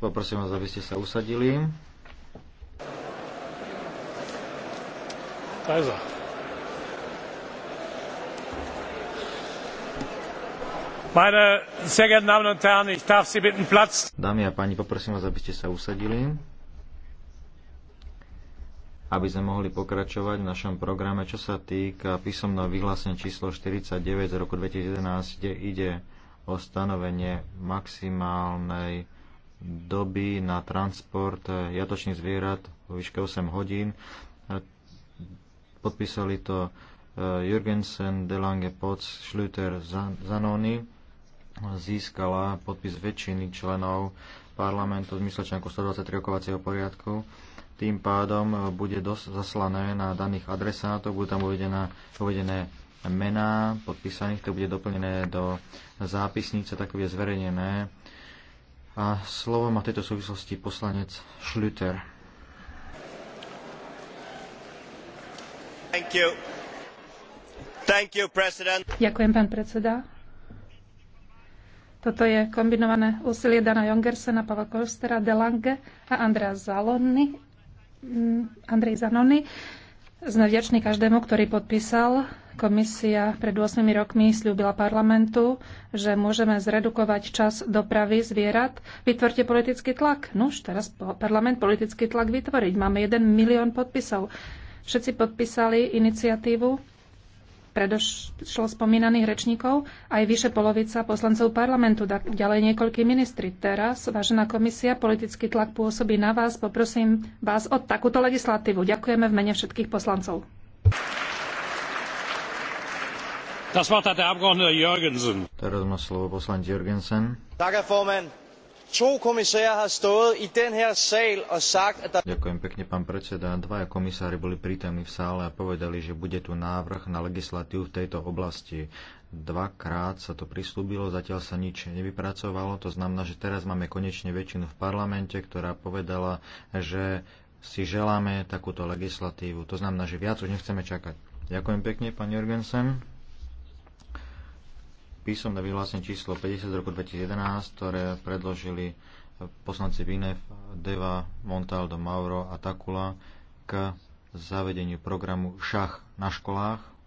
Poprosím vás, aby ste sa usadili. Er. Meine sehr geehrten Damen und Herren, ich darf Sie bitten, Platz. Dámy a páni, poprosím vás, aby ste sa usadili aby sme mohli pokračovať v našom programe. Čo sa týka písomného vyhlásenia číslo 49 z roku 2011, kde ide o stanovenie maximálnej doby na transport jatočných zvierat vo výške 8 hodín. Podpísali to eh, Jürgensen, Delange, Poc, Schlüter, Zanoni získala podpis väčšiny členov parlamentu v zmysle článku 123 rokovacieho poriadku. Tým pádom e, bude dos- zaslané na daných adresátov, budú tam uvedená, uvedené mená podpísaných, to bude doplnené do zápisnice, tak bude zverejnené. A slovo má v tejto súvislosti poslanec Schlüter. Thank you. Thank you, president. Ďakujem, pán predseda. Toto je kombinované úsilie Dana Jongersena, Pavla Kolstera, Delange a Andrea Zalony, mm, Andrej Zanony. Sme vďační každému, ktorý podpísal. Komisia pred 8 rokmi slúbila parlamentu, že môžeme zredukovať čas dopravy zvierat. Vytvorte politický tlak. Nuž, teraz parlament politický tlak vytvoriť. Máme 1 milión podpisov. Všetci podpísali iniciatívu predošlo spomínaných rečníkov, aj vyše polovica poslancov parlamentu, ďalej niekoľkí ministri. Teraz, vážená komisia, politický tlak pôsobí na vás. Poprosím vás o takúto legislatívu. Ďakujeme v mene všetkých poslancov. Teraz má slovo poslanec Jörgensen. Ďakujem pekne, pán predseda. Dvaja komisári boli prítomní v sále a povedali, že bude tu návrh na legislatívu v tejto oblasti. Dvakrát sa to prislúbilo, zatiaľ sa nič nevypracovalo. To znamená, že teraz máme konečne väčšinu v parlamente, ktorá povedala, že si želáme takúto legislatívu. To znamená, že viac už nechceme čakať. Ďakujem pekne, pán Jorgensen písomné vyhlásenie číslo 50 z roku 2011, ktoré predložili poslanci Vinev, Deva, Montaldo, Mauro a Takula k zavedeniu programu šach na školách